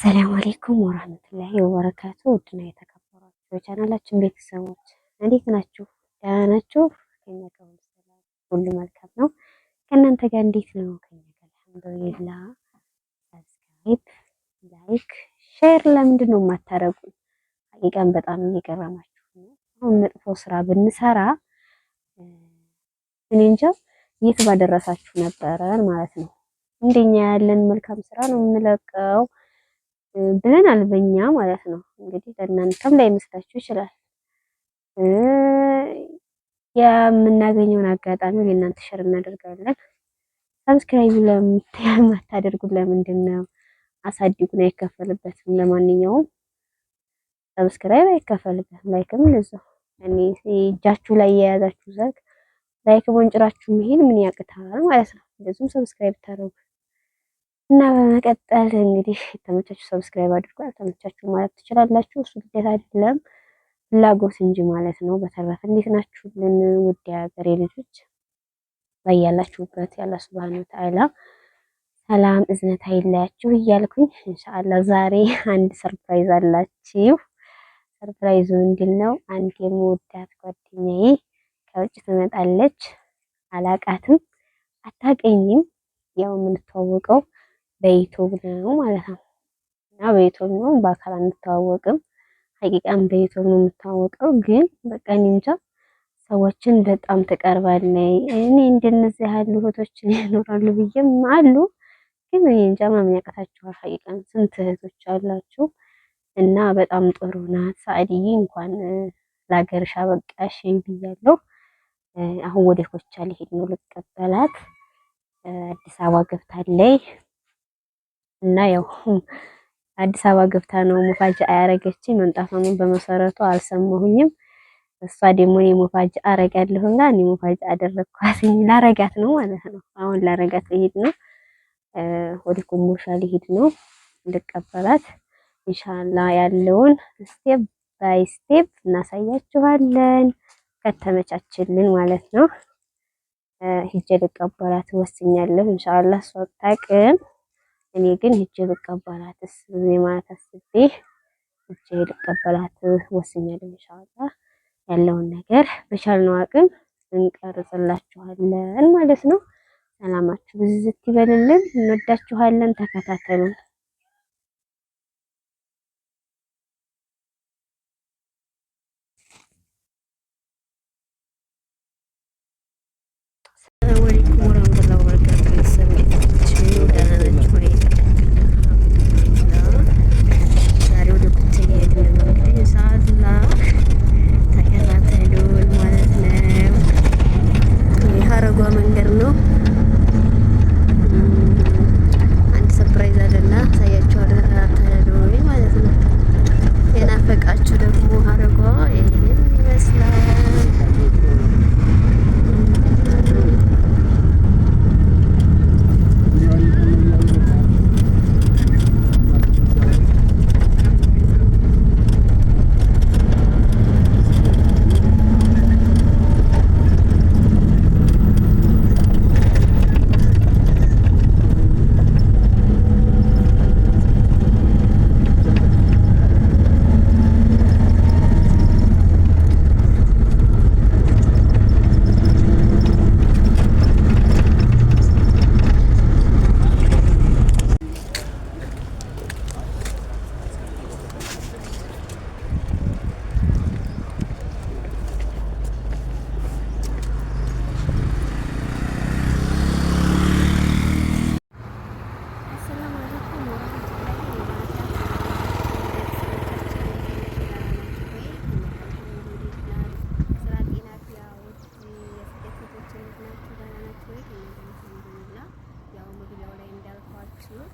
ሰላም አሌይኩም ወራህመቱላሂ ወበረካቱ። ውድና የተከበራችሁ የቻናላችን ቤተሰቦች እንዴት ናችሁ? ደህና ናችሁ? ከኛ ጋር ሁሉ መልካም ነው። ከእናንተ ጋር እንዴት ነው? ከኛ ጋር አልሐምዱሊላህ። ሰብስክራይብ፣ ላይክ፣ ሼር ለምንድን ነው የማታረጉ? ሀቂቃን በጣም እየገረማችሁ ነው። አሁን መጥፎ ስራ ብንሰራ እኔ እንጃ የት ባደረሳችሁ ነበረን ማለት ነው። እንደኛ ያለን መልካም ስራ ነው የምንለቀው ብለናል በእኛ ማለት ነው። እንግዲህ ለእናንተም ላይመስላችሁ ይችላል። የምናገኘውን አጋጣሚ ለእናንተ ሸር እናደርጋለን። ሰብስክራይብ ለማታደርጉት ለምንድን ነው? አሳድጉን፣ አይከፈልበትም። ለማንኛውም ሰብስክራይብ አይከፈልበትም፣ ላይክም እንደዚያው። እኔ እጃችሁ ላይ የያዛችሁ ዘርግ ላይክ ወንጭራችሁ መሄድ ምን ያቅታል ማለት ነው። እንደዚሁም ሰብስክራይብ ታደርጉ እና በመቀጠል እንግዲህ የተመቻችሁ ሰብስክራይብ አድርጎ አልተመቻችሁ ማለት ትችላላችሁ። እሱ ግዴታ አይደለም ፍላጎት እንጂ ማለት ነው። በተረፈ እንዴት ናችሁልን ውድ የሀገሬ ልጆች በያላችሁበት ያለ ሱብሃነ ወተዓላ ሰላም እዝነት አይለያችሁ እያልኩኝ እንሻአላ ዛሬ አንድ ሰርፕራይዝ አላችሁ። ሰርፕራይዙ ምንድን ነው? አንድ የምወዳት ጓደኛዬ ከውጭ ትመጣለች። አላቃትም፣ አታቀኝም። ያው የምንተዋወቀው በዩቱብ ነው ማለት ነው። እና በዩቱብ ነው በአካል አንተዋወቅም። ሀቂቃን በዩቱብ ነው የምታወቀው። ግን በቃ እኔ እንጃ ሰዎችን በጣም ትቀርባለይ። እኔ እንደነዚህ ያሉ እህቶችን ያኖራሉ ብዬም አሉ። ግን እኔ እንጃ ማመን ያቅታችኋል። ሀቂቃን ስንት እህቶች አላችሁ። እና በጣም ጥሩ ናት ሳዕድዬ። እንኳን ለሀገርሽ አበቃሽ ብያለሁ። አሁን ወደ ኮቻ ሊሄድ ነው ልቀበላት። አዲስ አበባ ገብታለይ። እና ያው አዲስ አበባ ገብታ ነው ሙፋጅ አያረገች መንጣፋሙን በመሰረቱ አልሰማሁኝም። እሷ ደግሞ እኔ ሙፋጅ አረጋለሁና እኔ ሙፋጅ አደረግኳት ላረጋት ነው ማለት ነው። አሁን ላረጋት ልሄድ ነው። ወደ ኮምቦልቻ ሊሄድ ነው ልቀበላት ኢንሻአላ። ያለውን ስቴፕ ባይ ስቴፕ እናሳያችኋለን ከተመቻችልን ማለት ነው። ሂጄ ልቀበላት ወስኛለሁ ኢንሻአላ። ሷ ታቅም እኔ ግን ሂጄ ብቀበላትስ ብዬ ማለት አስቤ ሂጄ ልቀበላት ወስኛለሁ። ኢንሻአላህ ያለውን ነገር በቻልነው አቅም እንቀርጽላችኋለን ማለት ነው። ሰላማችሁ ብዝት ይበልልን። እንወዳችኋለን። ተከታተሉን። ነው።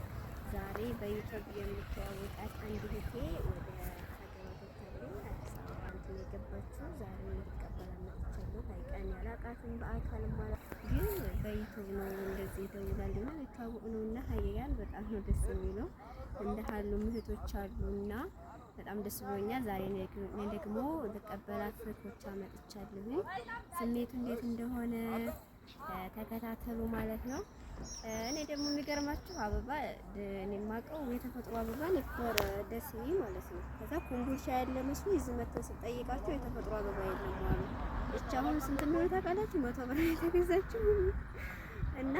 ዛሬ በዩቱብ የምትዋወቃት አንድ እህቴ ወደ ሀገሯ ገብታለች። አዲስ አበባ እንትን የገባችው ዛሬ እንድቀበላ መጥቻለሁ። ታይቀን ያላቃትን በአካል ማለት ግን በዩቱብ ነው እንደዚህ ይደውላልና ይታወቅ ነው እና ሀያያን በጣም ነው ደስ የሚለው እንደ ሀሉ አሉ እና በጣም ደስ ብሎኛል። ዛሬ እኔ ደግሞ ልቀበላት እህቶቿ መጥቻለሁ። ስሜቱ እንዴት እንደሆነ ተከታተሉ ማለት ነው። እኔ ደግሞ የሚገርማችሁ አበባ እኔ የማውቀው የተፈጥሮ አበባ ነበር ደስ ይል ማለት ነው። ከዛ ኮምቦልቻ ያለ መስሎ ይዝ መተን ስጠይቃቸው የተፈጥሮ አበባ የለም አሉ። እቺ አሁን ስንት ነው ታውቃላችሁ? መቶ ብር የተገዛችው እና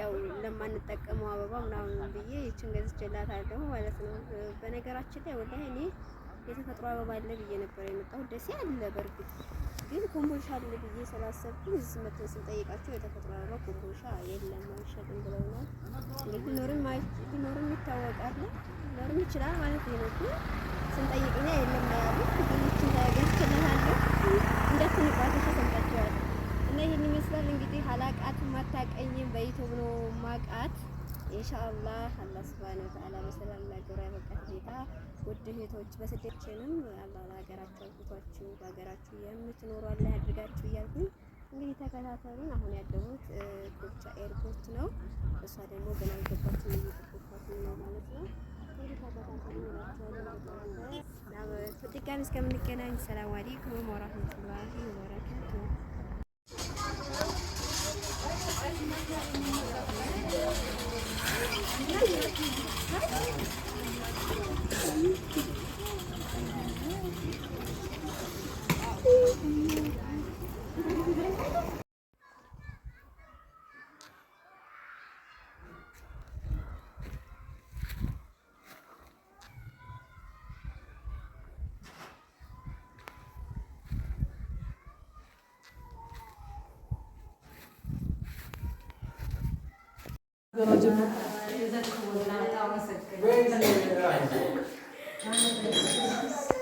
ያው ለማንጠቀመው አበባ ምናምን ብዬ ይችን ገዝቼላታለሁ ማለት ነው። በነገራችን ላይ ወላሂ እኔ የተፈጥሮ አበባ አለ ብዬ ነበር የመጣሁት። ደሴ አለ በእርግጥ ግን ኮምቦልሻ አለ ብዬ ስላሰብኩኝ እዚህ መተን ስንጠይቃቸው የተፈጥሮ አበባ ኮምቦልሻ የለም አይሸጥም ብለውናል። እንግዲህ ቢኖርም ቢኖርም ይታወቃል ቢኖርም ይችላል ማለት ነው። ግን ስንጠይቅና የለም ያሉት ግንች ገብችልሃለሁ እንዳትንቋት ተሰምታቸዋል። እና ይህን ይመስላል እንግዲህ አላቃት ማታቀኝም በዩቱብ ነው ማቃት ኢንሻአላህ አላህ ሱብሃነሁ ወተዓላ በሰላም ላገራ ያበቃ ውድ እህቶች በስደችንም አላህ ለሀገራችሁ አብቅቷችሁ በሀገራችሁ የምትኖሩ አላህ ያድርጋችሁ እያልኩኝ እንግዲህ ተከታተሉን። አሁን ያለሁት ኮቻ ኤርፖርት ነው። እሷ ደግሞ ገና አልገባችም እየጠበቅኳት ነው ማለት ነው። እንግዲህ ተከታተሉን ድጋሚ እስከምንገናኝ ሰላም አለይኩም ወራህመቱላሂ ወበረካቱ Hocam. Güzel kovalar. Allah'a sakın.